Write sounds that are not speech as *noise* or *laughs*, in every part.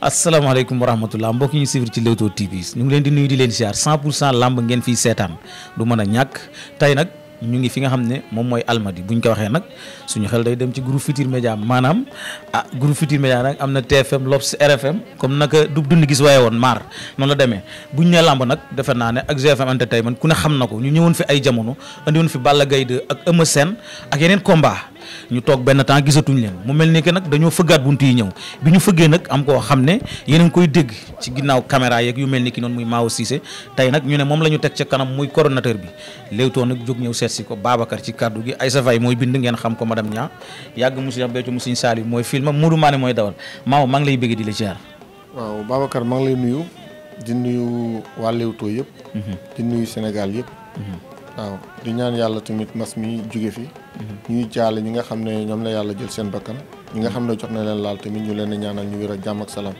asalaamaaleykum wa rahmatulah mbokk ñu suivre ci Leewtoo TV ñu ngi leen di nuyu di leen siyaar 100 pour cent lamb ngeen fiy seetaan du mën a ñàkk tey nag ñu ngi fi nga xam ne moom mooy almadi bu ñu ko waxee nag suñu xel day dem ci groupe Futur Média maanaam a ah, groupe Futur Média nag am na TFM L'Obs RFM comme naka du dund gis waaye woon maar noonu la demee bu ñu nee lamb nag defe naa ne ak GFM man ku ne xam na ko ñu ñëwoon fi ay jamono andi woon fi Balla Gaye 2 ak Eumeu Sène ak yeneen combat ñu toog benn temps gisatuñ leen mu mel ni que nag dañoo fëggaat bunt yi ñëw bi ñu fëggee nag am koo xam ne yéen koy dégg ci ginnaaw caméra yeeg yu mel ni ki noonu muy Mao Cissé tey nag ñu ne moom la ñu teg ca kanam muy coordonnateur bi Leewtoo nag jóg ñëw seet si ko Babacar ci kaddu gi ay Faye mooy bind ngeen xam ko madame Nia yàgg monsieur Béthio Moussine Saliou mooy film Modou Mané mooy dawal Mao maa ngi lay bëgg di la ziar waaw Babacar maa ngi lay nuyu di nuyu waa Leewtoo yëpp mhm. di nuyu Sénégal yëpp mhm. waaw di ñaan yàlla tamit mas mi jóge fi ñuy jaale ñi nga xam ne ñoom la yàlla jël seen bakkan ñi nga xam ne jox na leen laal tamit ñu leen ñaanal ñu wér ak jàmm ak salaam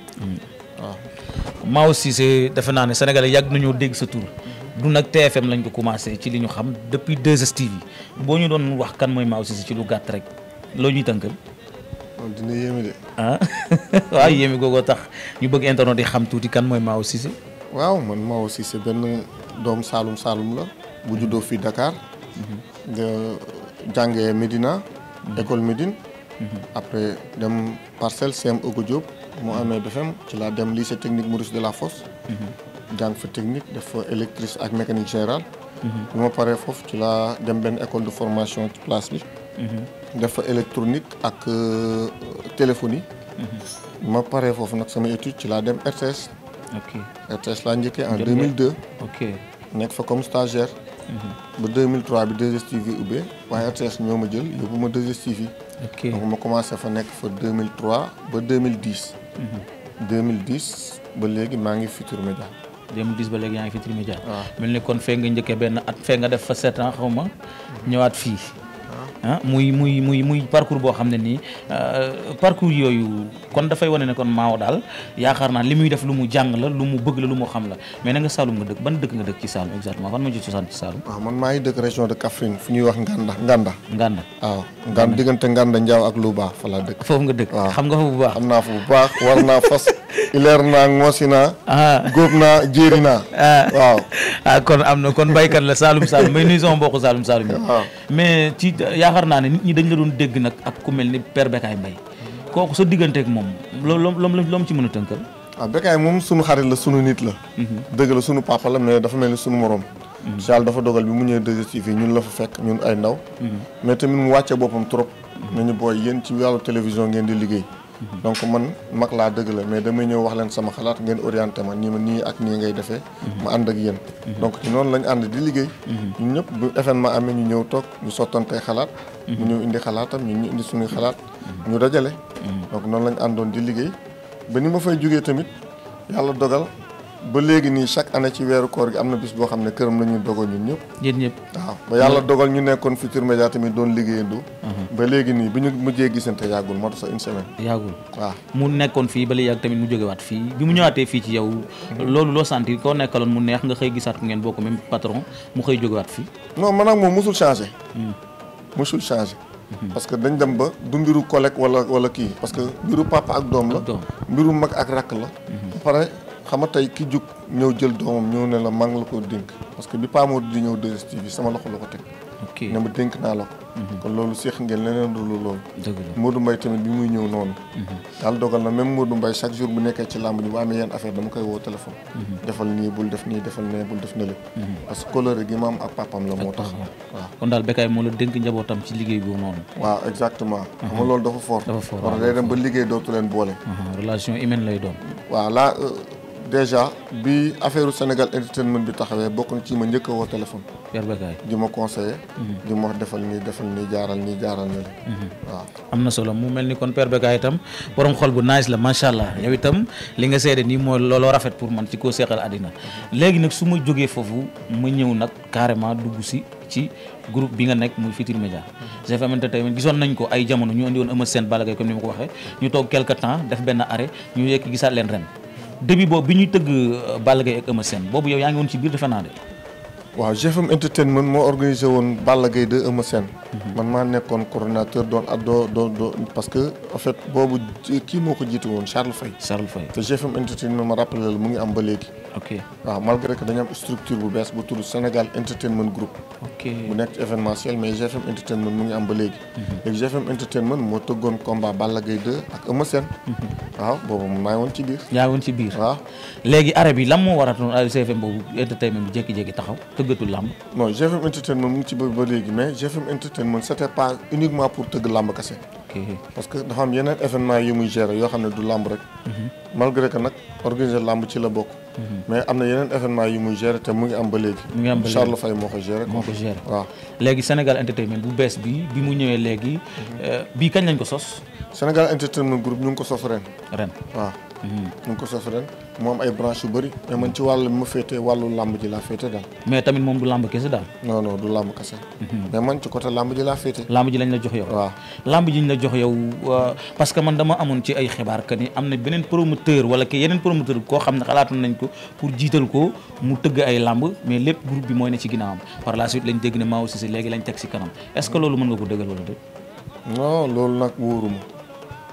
Mao Cissé defe naa ne sénégalais yàgg nañoo dégg sa tur du nag TFM lañ ko commencé ci li xam depuis 2STV boo ñu doon wax kan mooy Mao Cissé ci lu gàtt rek loo ñuy tënkal oh, dina yéeme de ah *laughs* waaw yéeme googoo tax ñu bëgg internet yi xam tuuti kan mooy Mao Cissé waaw man Mao Cissé benn doom Saalum Saalum la bu juddoo fii Dakar mhm. jàngee Médina école Médine après dem parcelle CM Ogo Diop mu amee BFEM ci laa dem lycée technique Maurice Delafosse jàng fa technique def fa électrice ak mécanique générale mhm. bi ma paree foofu ci laa dem benn école de formation ci place bi mhm. def fa électronique ak euh, téléphonie mhm. ma paree foofu nag sama étude ci laa dem RTS RTS laa njëkkee en nekk fa comme stagiaire ba 2003 bi 2STV ubbee waaye RTS ñoo ma jël yóbbu ma 2STV. ok donc ma commencé fa nekk fa deux mil 2003 ba 2010. 2010 mhm. ba léegi maa ngi Futurs Médias. 2010 ba léegi yaa ngi Futurs Médias. waaw mel ni kon fee nga njëkkee benn at fee nga def fa 7 ans xaw ma mhm. ñëwaat fii. ah muy muy muy muy parcours boo xam ne nii euh, parcours yooyu kon dafay wane ne kon Mao daal yaakaar naa li muy def lu mu jàng la lu mu bëgg la lu mu xam la mais na nga Saloum nga dëkk ban dëkk nga dëkk ci Saloum exactement fan ma jot cosaan ci Saloum waaw man maa ngi dëkk région de Kaffrine fu ñuy wax Nganda Nganda Nganda diggante Nganda Ndiaw ak Louba fa laa dëkk foofu nga dëkk xam nga fa bu baax xam naa fa bu baax war naa fas *laughs* leer naa ngoosi naa. Ah. góob naa jéeri naa. Ah. waaw ah kon am na kon béykat la Saalum Saalum may nuyu sama mbokku Saalum Saalum yi. Ah. mais ci yaakaar naa ne nit ñi dañ la doon dégg nag ak ku mel ni per Bécaye Mbaye kooku sa digganteeg moom loolu loolu loolu ci mën a tënkal. waaw Bécaye moom sunu xarit la sunu nit la. Mhm. dëgg la sunu papa la mais dafa mel ni sunu morom. incha mhm. al dafa dogal bi mu ñëwee dëgg ci fii ñun la fa fekk ñun ay ndaw. Mhm. mais tamit mu wàcce boppam trop. nañu booy yéen ci wàllu télévision ngeen di liggéey. Mhm. donc man mag laa dëgg la mais damay ñëw wax leen sama xalaat ngeen orienté ma nii ma nii ak nii ngay defee mhm. ma ànd ak yéen mhm. donc ci noonu lañ ànd di liggéey ñun ñëpp bu événement amee ñu ñëw toog ñu sottantee xalaat mu ñëw indi xalaatam ñun ñu indi suñuy xalaat ñu dajale donc noonu lañ àndoon di liggéey ba ni ma fay jógee tamit yàlla dogal ba léegi nii chaque année ci weeru koor gi am na bis boo xam ne këram la ñuy dogal ñun ñëpp yéen ñëpp waaw ba yàlla dogal ñu nekkoon Futurs Médias tamit doon liggéeyandu mhm. ba léegi nii bi ñu mujjee gisante yàggul moo tax sax une semaine yàggul waaw mu nekkoon fii ba léegi yàgg tamit mu jógewaat fii bi mu ñëwaatee fii ci yow loolu loo sentir koo nekkaloon mu neex nga xëy gisaat ku ngeen bokk même patron mu xëy jógewaat fii non man ak moom mosul changé hmm. mosul changé hmm. parce que dañ dem ba du mbiru collègue wala wala kii parce que mbiru papa ak doom la mbiru mag ak rakk la hmm. xam ki jug ñëw jël doomam ñëw ne la maa ngi la ko dénk parce que bi Pa Modou di ñëw 2STV sama loxo la ko teg. ok ne ma dénk naa la ko. Mhm. kon loolu seex ngeen leneen loolu loolu. dëgg la Modou Mbaye tamit bi muy ñëw noonu. daal mhm. dogal na même Modou Mbaye chaque jour bu nekkee ci làmb ji bu amee yenn affaire dama koy woo téléphone. Mhm. defal nii bul def nii defal nee bul def na lépp. parce que colère gi ma am ak papam la moo tax. waaw kon daal Bécaye moo la dénk njabootam ci liggéey boobu noonu. waaw exactement. xam nga loolu dafa fort. dafa fort waaw day dem ba dootu leen boole. relation humaine lay doon. waaw euh, déjà bi affaire Sénégal entertainment bi taxawee bokk na ci ma njëkk a woo téléphone. di ma conseiller. Mhm. di ma wax defal nii defal nii jaaral nii jaaral nii mhm. waaw. am na solo mu mel ni kon Père Bécaye itam borom xol bu nice la macha allah yow itam li nga seede nii mooy looloo rafet pour man ci koo seexal àddina mhm. léegi nag su ma jógee foofu ma ñëw nag carrément dugg si ci groupe bi nga nekk muy fitir Médias. GFM Entertainment gisoon nañ ko ay jamono ñu andi woon Eumeu Sène Balla Gaye comme ni ma ko waxee ñu toog quelque temps def benn arrêt ñu yekk leen ren. début boobu bi ñuy tëgg euh, Balla Gaye ak Eumeu seen boobu yow yaa ngi woon ci biir defe naa de. waaw GFM entertainment moo organisé woon Balla gay de Eumeu Sène. Mhm. man maa nekkoon coordonnateur doon ak doo doo doo parce que en fait boobu kii moo ko jiitu woon Charles Faye. Charles Faye te GFM entertainment ma rappelé mu ngi am ba léegi. ok waaw ah, malgré que dañu am structure bu bees bu tudd Sénégal Entertainment Group. ok bu nekk ci événementiel mais GFM Entertainment mu ngi am ba léegi. Mhm. léegi GFM Entertainment moo tëggoon combat Balla Gaye 2 ak Eumeu Sène. Mhm. waaw boobu maa woon ci biir. yaa ngi ci biir waaw. léegi arrêt bi lan moo waratoon boobu entertainment taxaw tëggatul làmb. non GFM mu ngi ci biir ba léegi mais GFM Entertainment c'était pas uniquement pour tëgg làmb kese. parce que dafa am yeneen événement yu muy gérer yoo xam ne du làmb rek. Mhm. malgré que nag organiser làmb ci la bokk. Mhm. mais am na yeneen événement yu muy gérer te mu ngi am ba léegi. mu ngi am ba léegi Charles Faye moo ko gérer. moo ko gérer waaw. léegi Sénégal Entertainment bu bees bi bi mu ñëwee léegi. Mhm. Euh, bi kañ lañ ko sos. Sénégal Entertainment Group ñu ngi ko sos ren. ren waaw. mu ngi ko sos ren mu am ay branche yu bëri mais man ci wàll ma féete wàllu làmb ji laa féete daal mais tamit moom du làmb kese daal non non du làmb kese mhm. mais man ci ji laa lañ la jox yow waaw làmb ji ñu la jox yow euh, parce que man dama amoon ci ay xibaar que ni am na beneen promoteur wala ke yeneen promoteur koo xam ne xalaatoon nañ ko pour jiital ko mu tëgg ay làmb mais lépp groupe bi mooy ne ci am par la suite lañ dégg ne maa aussi si léegi lañ teg si kanam est ce que loolu mën nga ko dëggal wala déet loolu nag wóoruma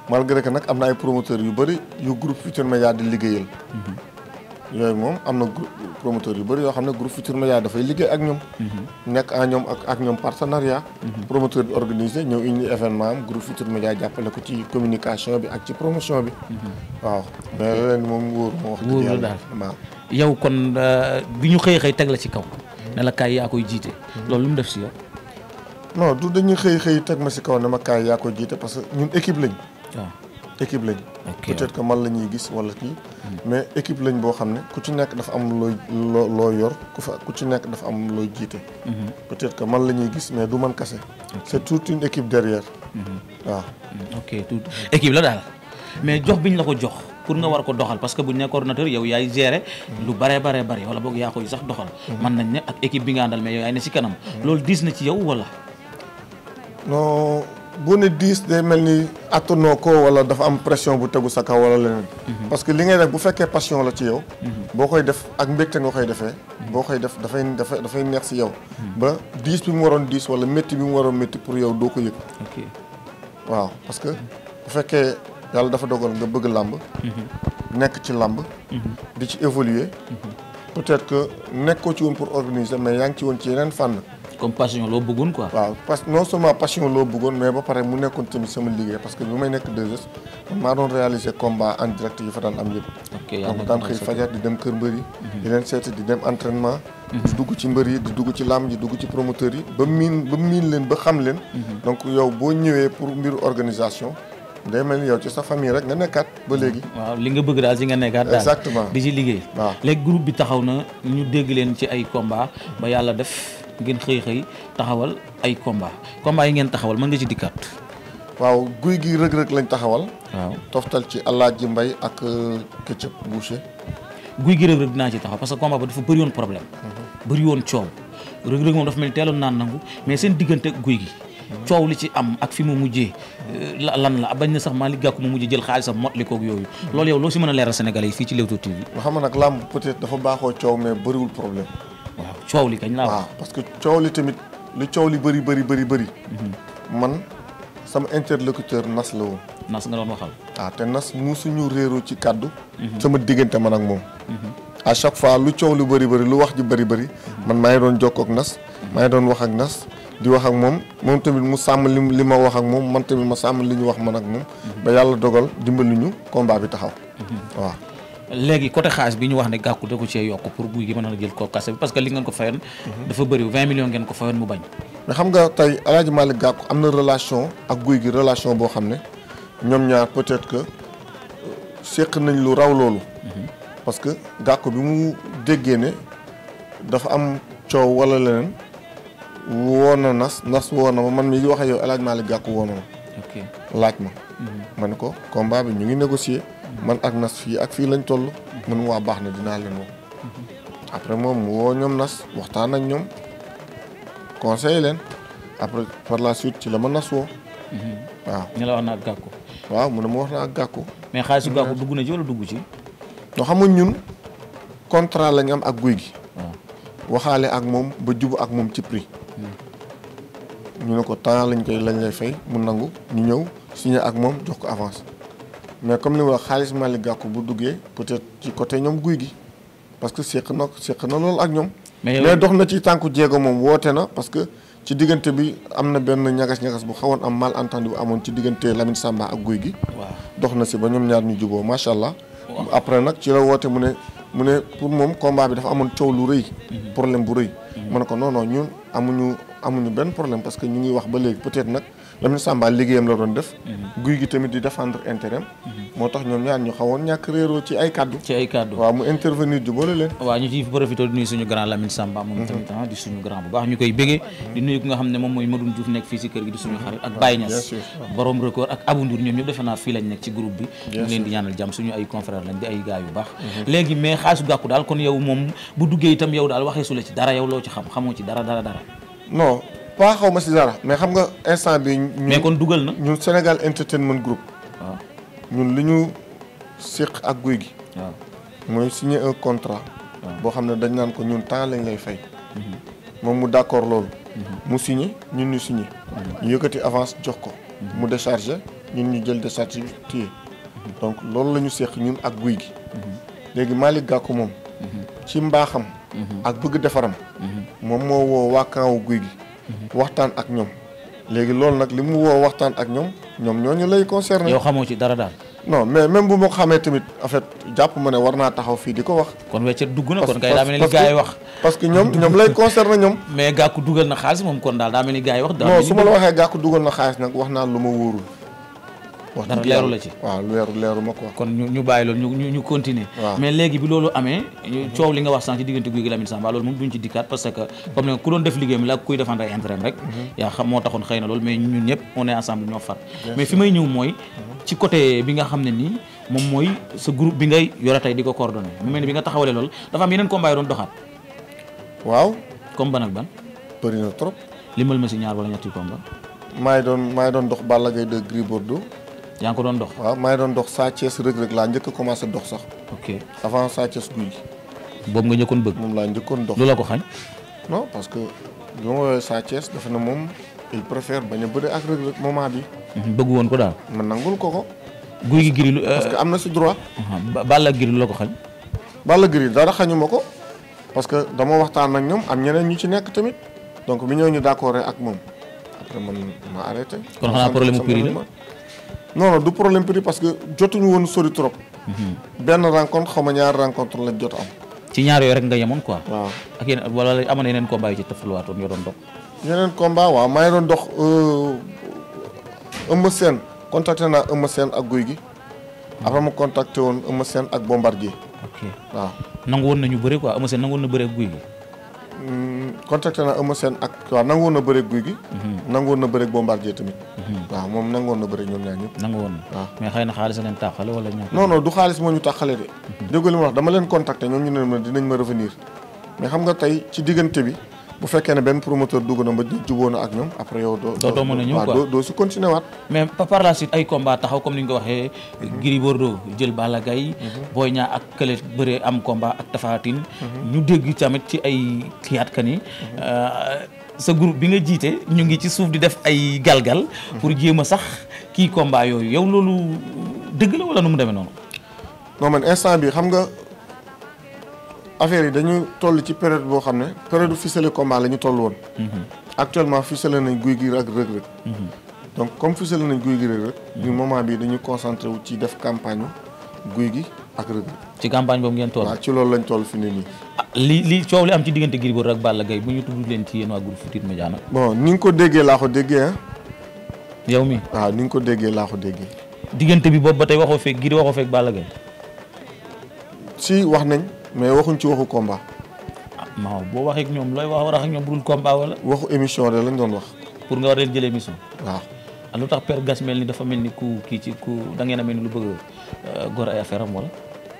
malgré que nag am na ay promoteurs yu bëri yu groupe Futur Média di liggéeyal. Mhm. yooyu moom am na promoteur yu bëri yoo xam ne groupe Futur Média dafay liggéey ak ñoom. Mhm. nekk ak ñoom ak ak ñoom partenariat. Mhm. promoteur bi organisé ñëw indi événement am groupe Futur Média jàppale ko ci communication bi ak ci promotion bi. waaw mais ren moom wóor moo wax. wóorul daal waaw. yow kon euh, bi ñu xëy xëy teg la ci kaw. ne la kaay yaa koy jiite. loolu lu mu def si yow. du dañuy xëy xëy teg ma si kaw ne ma kaay yaa koy jiite parce que ñun équipe lañ. équipe lañ. peut-être que man la ñuy gis wala kii. Hmm. mais équipe lañ boo xam ne ku ci nekk dafa am looy loo loo yor ku fa ku ci nekk dafa am looy jiite. Hmm. peut-être que man la ñuy gis mais du man kase. c'est toute une équipe derrière. Hmm. waaw. ok tout équipe la daal mais jox biñ la ko jox. pour nga war ko doxal parce que bu ñu nee coordinateur yow yaay gérer lu bare bare bare wala boog yaa koy sax doxal. mën nañ ne ak équipe bi nga àndal mais yow yaay ne ci kanam. loolu diis na ci yow wala. boo ne diis day mel ni attanoo ko wala dafa am pression bu tegu sa kaw wala leneen. Mhm. parce que li ngay def bu fekkee passion la ci yow. Mhm. boo koy def ak mbégte nga koy defee. Mhm. boo koy def dafay dafay dafay neex si yow. ba diis bi mu waroon diis wala métti bi mu waroon métti pour yow doo ko yëg. waaw parce que bu fekkee yàlla dafa dogal nga bëgg làmb. nekk ci làmb. di ci évoluer. peut-être que nekk ci woon pour organiser mais yaa ngi ci woon ci yeneen fànn. comme passion loo bëggoon quoi. waaw parce non seulement passion loo bëggoon mais ba pare mu nekkoon tamit sama liggéey parce que lu may nekk 2S maa doon réaliser combat en direct yi fa daan am yëpp. donc daan xëy fajar di dem kër mbër yi. Mhm. di leen dem entraînement. Mhm. di dugg ci mbër yi di dugg ci làmb yi dugg ci promoteur yi ba miin ba miin leen ba xam leen. Mhm. donc yow boo ñëwee pour mbir organisation. day mel ni yow ci sa famille rek nga nekkaat ba léegi. waaw li nga bëgg daal si nga nekkaat. daal exactement di ci liggéey. waaw bi taxaw na ñu dégg leen ci ay combat ba yàlla def. yëpp ngeen xëy xëy taxawal ay combat combat yi ngeen taxawal mën nga ci dikkaat. waaw guy gi rëg-rëg lañ taxawal. waaw toftal ci Alaaji Mbay ak euh, Këccëg Boucher. guy gi rëg-rëg dinaa ci taxaw parce que ba dafa bëri woon problème. Mhm. bëri woon coow rëg-rëg moom dafa mel ni teeloon naan nangu mais seen diggante guy gi. Mhm. coow li ci am ak fi mu mujjee euh, lan la bañ na sax Malick Gakou mu mujjee jël xaalisam mot li koog yooyu. Mhm. loolu yow loo si mën a leeral Sénégalais yi fii ci Leewtoo TV. coow li kañ laa waaw parce que coow li tamit lu coow li bëri bëri bëri bëri. Mhm. man sama interlocuteur nas la woon. nas nga doon waxal. ah te nas musuñu réeroo ci kàddu. Mhm. sama diggante man ak moom. Mhm. à chaque fois lu coow lu bëri bari lu wax ji bëri bëri. man maa ngi doon jokkoo ak nas. maa ngi doon wax ak nas. di wax ak moom moom tamit mu sàmm li li ma wax ak moom man tamit ma sàmm li ñu wax man ak moom. ba yàlla dogal dimbali ñu combat bi taxaw. waaw. léegi côté xaalis bi ñu wax ne gàkku da ko cee yokk pour guy gi mën a jël ko kase bi parce que li ngeen ko fayoon dafa bëri 20 millions ngeen ko fayoon mu bañ mais xam nga tey Alaaji Malick Gàkku am na relation ak guy gi relation boo xam ne ñoom ñaar peut-être que euh, séq nañ lu raw loolu parce que gàkku bi mu déggee dafa am coow wala leneen woo na nas nas woo na ma man mi wax ak yow Alaaji Malick Gàkku woo na laaj ma mhm. ma ne ko combat bi ñu ngi négocier man ak nas fii ak fii lañ toll mun waa baax na dinaa leen woo après moom mu woo ñoom nas waxtaan ak ñoom conseil leen après par la suite ci la ma nas woo mm-hmm. waaw ñu la wax na ak gàkku waaw mu ne ma wax na ak gàkku mais xaalisu gàkku mm-hmm. dugg na ci wala dugg ci ñoo xamuñ ñun contrat lañ am ak guy gi ah. waxaale ak moom ba jubu ak moom ci prix mm. ñu ne ko temps lañ koy lañ lay fay mu nangu ñu ñëw signé ak moom jox ko avance mais comme ni ma wax xaalis Malick Gakou bu duggee peut-être ci côté ñoom guy gi parce que séq na séq na loolu ak ñoom. mais dox na ci tànku jéego moom woote na parce que ci diggante bi am na benn ñagas-ñagas bu xawoon am mal malentendu bu amoon ci diggante Lamine Samba ak guy gi. waaw dox na si ba ñoom ñaar ñu juboo macha allah. après nag ci la woote mu ne mu ne pour moom combat bi dafa amoon coow lu rëy. Mhm. problème bu rëy. mu mhm. ne ko non non ñun amuñu amuñu benn problème parce que ñu ngi wax ba léegi peut-être nag. Lamine Samba liggéeyam la doon def. Mhm. guy gi tamit di défendre intérêt mhm. moo tax ñoom ñaar ñu xawoon ñàkk réeroo ci ay kaddu. ci ay kaddu waaw mu intervenir jubóole leen. waaw ñu ciy profité di nuyu suñu grand Lamine Samba. moom mhm. tamit ah koy béggee. di nuyu ki nga xam ne moom mooy Madoune Diouf nekk fii si kër gi di suñu xarit ak Baye Niass. borom record ak Abou Ndour ñoom ñëpp defe fii lañ nekk ci groupe bi. ñu leen di ñaanal jàmm suñu ay confrères lañ di ay gars yu baax. léegi mais xaalisu gàkku daal kon yow moom bu duggee itam yow daal waxee su la ci dara yow loo ci xam xamoo ci dara dara dara pas xaw ma si dara mais xam nga instant bi ñu kon dugal na. ñun Sénégal Entertainment Group. Ah. ñun lu ñu séq ak guy gi. waaw ah. mooy signer un contrat. Ah. boo xam ne dañ naan ko ñun temps lañ lay fay. Mm-hmm. moom mu d'accord loolu. Mm-hmm. mu signé ñun ñu signé. Mm-hmm. ñu yëkkati avance jox ko. mu déchargé ñun ñu jël décharge bi téye. donc loolu la ñu séq ñun ak guy gi. léegi Malick Gakou moom. ci mbaaxam. ak bëgg defaram. moom moo woo waa kaw guy gi. waxtaan ak ñoom léegi loolu nag li mu woo waxtaan ak ñoom ñoom ñooñu lay concerné. yow xamoo ci dara daal. non mais même bu ma xamee tamit en fait jàpp ma ne war naa taxaw fii di ko wax. kon weccet dugg na kon kay daa mel ni gars yi wax. parce que ñoom ñoom lay concerné ñoom. *laughs* mais gàkku dugal na xaalis moom kon daal daa mel ni gars yi wax. daa su ma la waxee gàkku dugal na xaalis nag wax naa lu ma wóorul. wax dara leeru la ci waaw leeru leeru ma quoi. kon ñu ñu bàyyi loolu ñu continuer mais léegi bi loolu amee coow li nga wax sànq ci diggante Gouye Gui Samba loolu moom duñ ci dikkaat parce que comme ne ku doon def liggéeyam mhm. mhm. moom mooy sa groupe bi ngay yore tey di ko coordonné mu mel ni bi nga taxawalee loolu dafa am yeneen combat yi doon doxaat waaw comme ban ban bëri na trop limal ma si ñaar wala ñetti combat maa ngi doon maa ngi doon dox Balla Gaye de Gris yaa ngi ko doon dox. waaw maa ngi doon dox Sa Thiès Reug Reug laa njëkk a commencé dox sax. ok avant Sa Thiès guy gi. boobu nga njëkkoon bëgg. moom laa njëkkoon dox lu la ko xañ. non parce que bi ma woowee Sa moom il préfère bañ a bëri ak Reug Reug bi. Mhm, bëgg woon ko daal. ma nangul ko ko. guy gi giri lu. Euh, am na si droit. Balla giri lu la ko xañ. Balla giri dara xañu ma ko. parce que dama waxtaan ak ñoom am ñeneen ñu ci nekk tamit donc bi ñëw ñu d'accord ak moom après man ma arrêté. kon xanaa problème mu la non du problème prix parce que jotuñu woon sori trop. benn rencontre xaw ma ñaar rencontre lañ jot am. ci ñaar yooyu rek nga yemoon quoi. waaw ak yeneen wala amoon na yeneen combat yu ci tëfluwaatoon yoo doon dox. yeneen combat waaw maa ngi dox euh, Eumeu Sène contacté naa Eumeu Sène ak Guy gi. après ma contacté woon Eumeu Sène ak Bombardier. ok waaw nangu woon nañu bëri quoi Eumeu Sène nangu woon na bëri ak Guy gi. Mm, contacté naa Eumeu Sène ak waaw nangoon na bëre guy gi. Mhm. nangoon na bëre bombardier tamit. Mhm. waaw moom nangoon na bëre ñoom ñaar ñëpp. nangoon na waaw mais xëy na a leen tàqale wala ñoom. non non du xaalis moo ñu tàqale de. Mhm. dégg li ma wax dama leen contacté ñoom ñu ne ma dinañ ma revenir mais xam nga tey ci diggante bi. bu fekkee ne benn promoteur dugg na ba jubóo na ak ñoom après yow. doo doo mën a ñëw quoi doo si continuer waat. mais par la suite ay combat taxaw comme ni ñu ko waxee. Mhm. Gris jël Balla Gaye. Mhm. Boy Niang ak kële bëree am combat ak Tapha mhm. ñu dégg tamit ci ay xiyaatkan yi. Euh, sa groupe bi nga jiite ñu ngi ci suuf di def ay galgal pour jéem a sax kii combat yooyu yow loolu dëgg la wala nu mu demee noonu. non man instant bi xam nga. affaire yi dañu toll ci période boo xam ne période ficelé combat la ñu toll woon. Mhm. actuellement ficelé nañ guy gi ak rëg rëg mhm. donc comme ficelé nañ guy gi rëg rëg ñu moment bi dañu concentré wu ci def campagne guy gi ak rëg rëg ci campagne boobu ngeen toll. waaw ci loolu lañ toll fi ne nii. Ah, li li coow li am ci diggante Gris Bordeaux ak Balla Gaye bu ñu tudd leen ci yéen waa groupe Futurs Médias nag. bon ni nga ko déggee laa ko déggee ah. yow mi waaw ni nga ko déggee laa ko déggee. diggante bi boobu ba tey waxoo fekk Gris waxoo fekk Balla Gaye. wax nañ. mais waxuñ ci waxu combat. ah boo waxeek ñoom looy wax war a ak ñoom budul combat wala. waxu émission de lañ doon wax. pour nga war leen jëlee émission. waaw ah, lu tax per Gass mel ni dafa mel ni ku kii ci ku dangeen a mel ni lu bëgg euh, gor ay affaire am wala.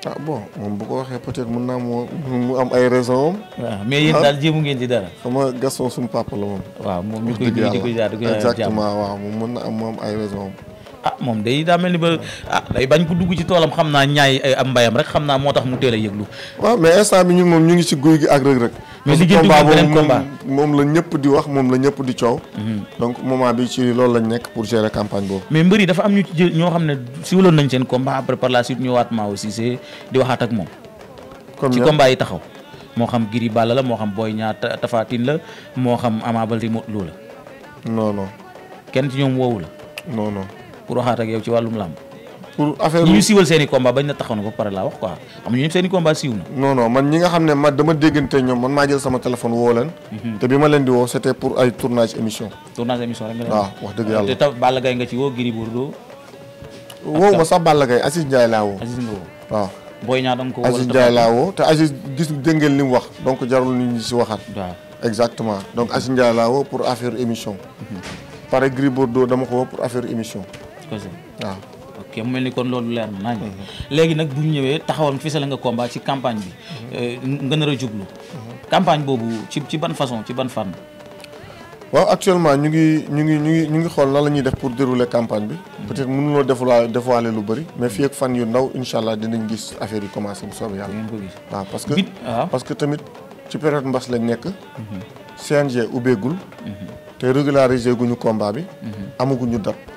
ah bon moom bu ko waxee peut-être mën naa moo mu am ay raison am. waaw mais yéen ah. daal ngeen ci dara. xam nga Gaston suñu la moom. waaw moom mi koy di ko jaar di ko waaw moom mën na am moom ay raison ah moom day daa mel ni ba ah day bañ ko dugg ci toolam xam naa ñaay eh, ay mbayam rek xam naa moo tax mu teel a yëglu. waaw mais instant bi ñu moom ñu ngi ci guy gi ak Reug Reug. mais li jënd beneen combat moom la ñëpp di wax moom la ñëpp di coow. Mhm. donc moment bi ci loolu lañ nekk pour gérer campagne boobu. mais mbëri dafa am ñu ci jël ñoo xam ne siwaloon nañ seen combat après par la suite ñëwaat maa aussi c'est di waxaat ak moom. comme ci combat yi taxaw. moo xam Giri Balla la moo xam Boy Niang Tapha la moo xam Ama Baldé Modou Lô la. non non. kenn ci ñoom woowu la. pour waxaat ak yow ci wàllum làmb pour affaire ñu siiwal seen i combat bañ na taxaw na ba pare laa wax quoi am na ñëpp seen i combat siiw na. non non man ñi nga xam ne dama déggante ñoom man maa jël sama téléphone woo leen. Mhm. te bi ma leen di woo c'était pour ay tournage émission. tournage émission rek nga leen waaw wax dëgg yàlla te tam nga ci woo woo ma sax Balla Gaye Aziz Ndiaye laa woo. Aziz nga woo waaw. Boy ko woo Aziz laa te Aziz gis dégg ngeen li mu wax donc jarul nit ñi si waxaat. waaw exactement donc Aziz Ndiaye laa woo pour affaire émission. Mhm. pare Gris Bordeaux dama ko woo pour émission. cause ah. waaw ok mu mel ni kon loolu leer na nañ mhm. léegi nag bu ñu ñëwee taxawoon fisale nga combat ci campagne bi mhm. euh, nga nar a jublu mhm. campagne boobu ci ci ban façon ci ban fànn waaw actuellement ñu ngi ñu ngi ñu ñu ngi xool nan la ñuy def pour dérouler campagne bi peut-être mënuloo dévoiler dévoiler lu bëri mais fii fan yu ndaw incha allah dinañ gis affaire yi commencé bu soobee yàlla waaw parce que ah. parce que tamit ci période mbas lañ nekk CNG ubbeegul te régulariser guñu combat bi amaguñu date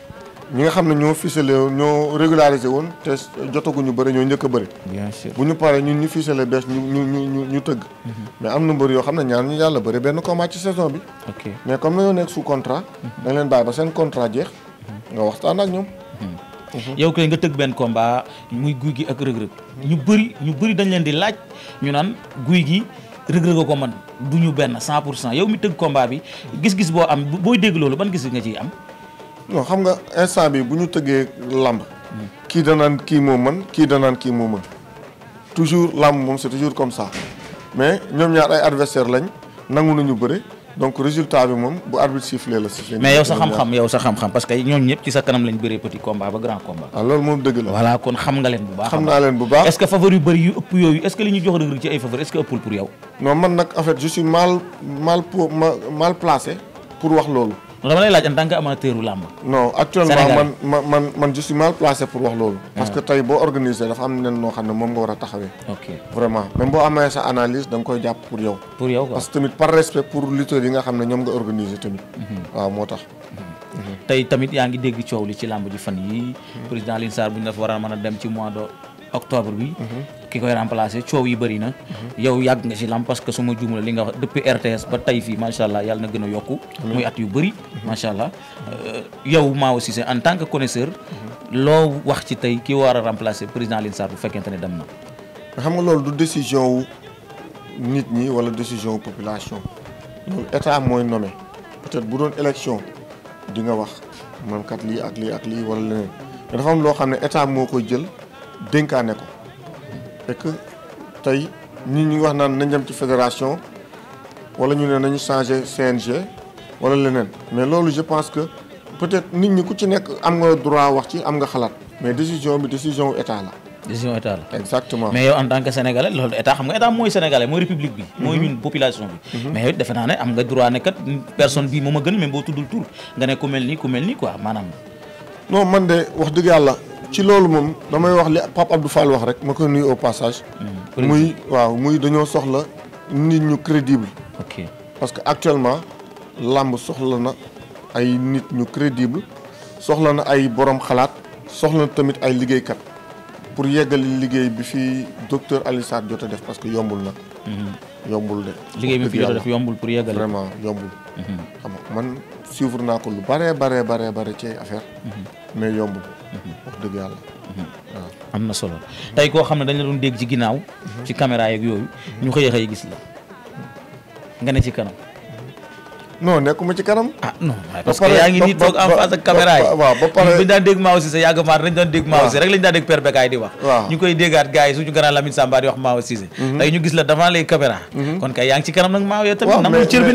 ñi nga xam ne ñoo ficelé ñoo régularisé woon te jotaguñu bëri ñoo njëkk a bëri. bien bu ñu paree ñun ñu ficelé bees ñu ñu ñu ñu tëgg. Mhm. mais am na mbër yoo xam ne ñaan ñu yàlla bëri benn combat ci saison bi. ok mais comme dañoo nekk sous contrat. Mhm. da leen bàyyi ba seen contrat jeex. Mhm. nga waxtaan ak ñoom. yow kay nga tëgg benn combat muy guy gi ak rëg-rëg ñu bëri ñu bëri dañ leen di laaj ñu naan guy gi rëg-rëg ko man du ñu benn cent pour cent yow mi tëgg combat bi gis-gis boo am booy dégg loolu ban gis-gis nga ciy am. non xam nga instant bi bu ñu tëggee làmb kii danaan kii moom man kii danaan kii moo mën toujours làmb moom c'est toujours comme ça mais ñoom ñaar ay adversaire lañ nangu nañu bëri donc résultat bi moom bu arbitre sifflé la sifflé mais yow sa xam-xam yow que ñoom ñëpp ci combat ba grand combat ah loolu moom dëgg la voilà kon xam nga leen bu baax xam naa leen bu baax est-ce que favori yu bëri yu ëpp yooyu est-ce que li ñu jox Reug Reug ci ay est-ce pour wax loolu dama lay laaj en tant que amateur u làmb. non actuellement man man man man mal placé pour wax loolu. Ah. parce que tey boo organisé dafa am nen noo xam ne moom nga war a taxawee. ok vraiment même boo amee sa analyse da koy jàpp pour yow. pour yow quoi parce que tamit par respect pour lutteurs yi nga xam ne ñoom nga organisé tamit. Mhm. waaw moo tax. Mhm. tey tamit yaa ngi dégg coow li ci làmb ji fan yi mhm. président Alioune Sarr bu ñu dafa war a mën a dem ci mois de octobre bi. ki koy remplacer coow yi bëri na yow yàgg nga ci lamb parce que suma ma li nga wax depuis RTS ba tey fii macha allah yàlla na gën a yokku muy at yu bëri macha allah euh, yow Mao Cissé en tant que connaisseur loo wax ci tey ki war a remplacer président Alioune Sarr bu fekkente ne dem na xam nga loolu du décision wu nit ñi wala décision wu population loolu état mooy nommé peut bu doon élection di nga wax man lii ak lii ak lii wala leneen loo xam ne état moo koy jël dénkaane ko et que tey nit ñi wax naan nañ dem ci fédération wala ñu ne nañu changer CNG wala leneen mais loolu je pense que peut-être nit ñi ku ci nekk am nga droit wax ci am nga xalaat mais décision bi décision état la. décision état la exactement mais yow en tant que sénégalais loolu état xam nga état mooy sénégalais mooy république bi mooy mhm. ñun population bi mhm. mais yow defe naa ne am nga droit ne kat personne bii moom a gën même boo tuddul tur nga ne ku mel ci loolu moom damay wax li Pape Abdou Fall wax rek ma koy nuyu au passage. Mm-hmm. muy waaw muy dañoo soxla nit ñu crédible. ok parce que actuellement làmb soxla na ay nit ñu crédible soxla na ay borom xalaat soxla na tamit ay liggéeykat pour yeggali liggéey bi fi docteur Alioune Sarr jot a def parce que yombul na. Mm-hmm. yombul de. liggéey bi fi jot a def yombul pour yeggali vraiment yombul. Mm-hmm. man suivre naa ko lu bare bare bare bare ci affaire. mais yombul. wax dëgg yàlla. Mm-hmm. am na solo tey koo xam ne dañ la doon dégg ci ginnaaw. ci caméra yeeg yooyu. ñu xëy a gis la nga ne ci kanam. non nekkuma ci kanam. ah non parce que yaa ngi nii toog en face ak caméra yi. waaw ba pare bi ñu daan dégg Maaw Cissé rek lañu daan dégg Père Bekaay di wax. waaw koy déggaat gars yi suñu mhm. ñu gis la devant les caméras. Mhm. kon Maaw yow mais cër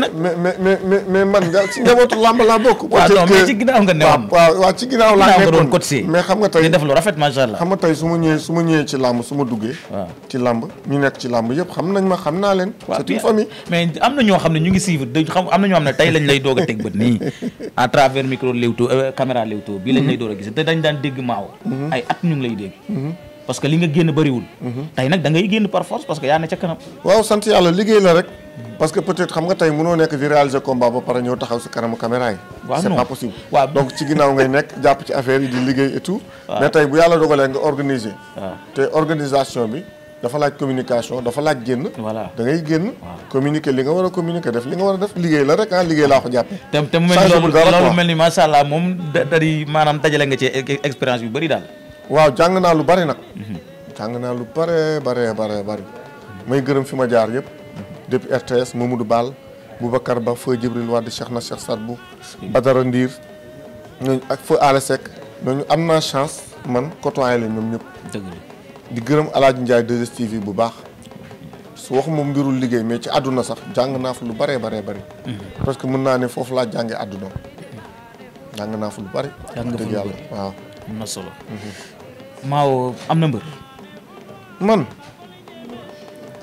nga tey su ma ñëwee ci làmb su ma duggee. waaw ci làmb ñu nekk ci làmb yëpp xam nañ ma xam naa leen. mais am na ñoo xam ne ñu ngi suivre am na ñoo xam ne tey lañ lay doog a teg bët nii à travers micro Leewtoo euh, caméra Leewtoo bii lañ lay doog a gis te dañ daan dégg maaw mhm. ay at ñu ngi lay dégg mhm. parce que li nga génn bëriwul mhm. tey nag da ngay génn par force parce que yaa ne ca kanam waaw sant yàlla liggéey la rek parce que peut-être xam nga tey mënoo nekk di réaliser combat ba pare ñëw taxaw si kanamu caméra yi waaw c'est pas possible waaw donc ci ginnaaw ngay nekk jàpp ci affaire yi di liggéey et mais tey bu yàlla bi dafa laaj communication dafa laaj génn. voilà da ngay génn. communiquer li nga war a communiquer def li nga war a def liggéey la rek ah liggéey laa ko jàppee. te te mu mel ni ma mel moom da dari maanaam dajale nga ci e, e, expérience yu bari daal. waaw jàng naa lu bari nag. Mhm. jàng naa lu bare bare bare bari may gërëm fi ma jaar yëpp. Mhm. depuis RTS Mamadou baal Boubacar Ba Feu Djibril Wade Cheikh na Cheikh Sadbou. Badara Ndiir ñooñu ak Feu Alé Seck ñooñu am naa chance man côtoyé la ñoom ñëpp. di gërëm El Hadj Ndiaye 2 bu baax su waxuma mbirul liggéey mais ci àdduna sax jàng naa fa lu bëree bëree bëri. Mm-hmm. parce que mën naa ne foofu laa jàngee àdduna. jàng naa fa lu bëri. jàng dëgg yàlla waaw. am na solo. Mm-hmm. am na mbër. man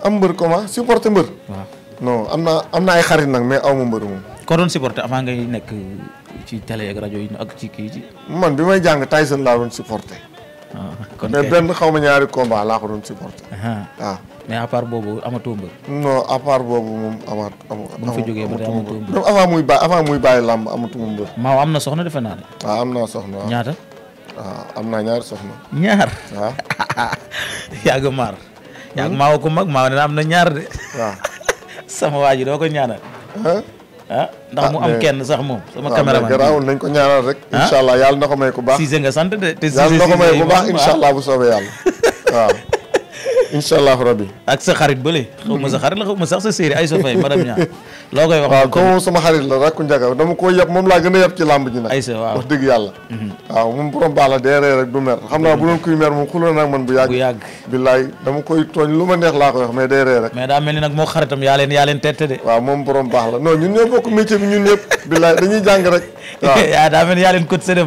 am mbër comment supporter mbër. waaw non am naa am naa ay xarit nag mais aw ma mbër moom. ko doon supporter avant ngay nekk ci tele ak rajo yi ak ci kii ci. man bi may jàng Tyson laa doon supporter. kon mais benn xaw ma ñaari combat laa ko doon supporter. waaw. Ah. mais à part boobu amatoo mbër. moom amaat muy ba avant muy bàyyi làmb amatuma maaw am na soxna defe naan de. waaw ah, am naa soxna waaw ñaata. waaw ah, am naa ñaari soxna. ñaar waaw. *laughs* yàgg maar. yàgg maaw ko mag maaw ne am na ñaar de. *laughs* sama waa ji doo ko ñaanal. ah ndax mu am ah, kenn sax moom sama ah, caméraman garaawul nañ ko ñaanal rek ah? incha allah yàlla na ko may ku baax Cissé nga sant de te yàlla na ko may ku baax incha allah bu soobee yàlla *laughs* waaw incha allah rabbi ak sa xarit bële xaw ma la xaw ma sax sa séeri ay sa fay madame a mhm.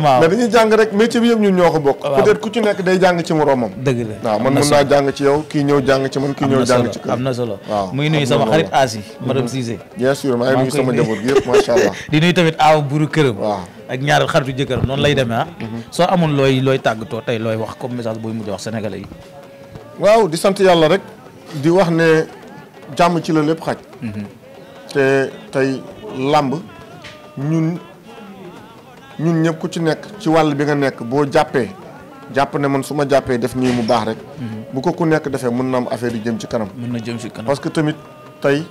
ma dañuy jàng rek *laughs* waaw bi ñun ñoo ko bokk peut ku ci nekk day jàng ci moroomam dëgg la waaw man mën naa jàng ci yow kii ñëw jàng ci moom kii ñëw jàng ci kër am na solo waaw muy nuyu sama xarit Asi madame mhm. Cissé bien sûr maa ngi nuyu sama njaboot gi yëpp macha *laughs* allah di nuyu tamit aaw buru këram waaw ak ñaareel xaritu jëkkëram noonu lay demee ah mhm. Mhm. soo amoon looy looy tàggatoo tey looy wax comme message booy mujj wax sénégalais yi waaw di sant yàlla rek di wax ne jàmm ci la lépp xaj te tey làmb ñun ñun ñëpp ci nekk ci wàll bi nga nekk boo jàppee jàpp ne man su ma jàppee def nii mu baax rek mhm. bu ko ku nekk defee mun na am affaire yu jëm ci kanam mën na jëm ci kanam parce que tamit tey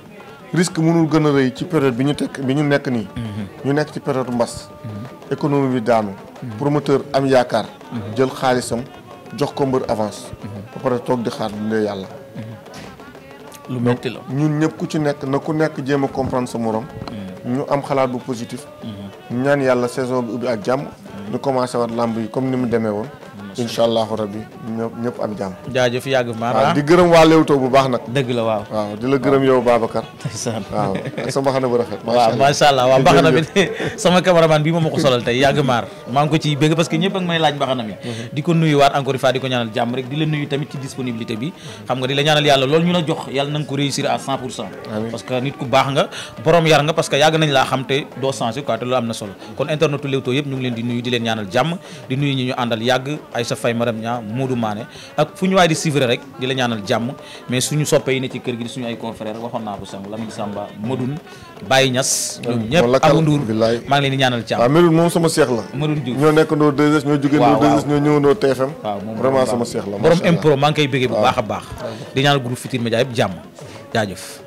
risque mënul gën a rëy ci période bi ñu tekk bi ñu nekk nii mhm. ñu nekk ci période mbas mhm. économie bi daanu promoteur am yaakaar jël xaalisam jox ko mbër avance ba pare toog di xaar dundee yàlla lu metti la ñun ñëpp ku ci nekk na ku nekk jéem a comprendre sa morom ñu am xalaat bu positif ñaan yàlla saison bi ubbi ak jàmm ñu commencé waat làmb yi comme ni mu demee woon incha allahu rabbi ñëpp am jàmm jaajëf yàgg maara ah. di gërëm waa Leewtoo bu baax nag dëgg la waaw di la gërëm yow Babacar waaw ak allah waaw mbaxana bi *laughs* sama cameraman bi moom ma solal tey yàgg maar maa ngi ko ciy bëgg parce que ñëpp a may laaj mbaxana mi mhm. di ko nuyuwaat encore une fois di ko ñaanal jàmm rek di la nuyu tamit ci disponibilité bi xam nga di la ñaanal yàlla loolu ñu la jox yàlla na nga ko réussir à 100 pour cent parce que nit ku Aïssa Faye madame Niang Modou Mané ak fu ñu waay di suivre rek di la ñaanal jàmm mais suñu soppe yi ne ci kër gi di suñu ay confrères waxoon naa ko sànq Lamine Samba Modou Baye Niass ñoom ñëpp Abou maa ngi leen di ñaanal jàmm waaw ah, Medoune moom sama ñoo nekk ndoo 2 ñoo jógee ndoo 2 ñoo ñëw ndoo TFM moom vraiment maa ngi koy bégee bu baax a baax di ñaanal groupe Futurs Médias yëpp jàmm jaajëf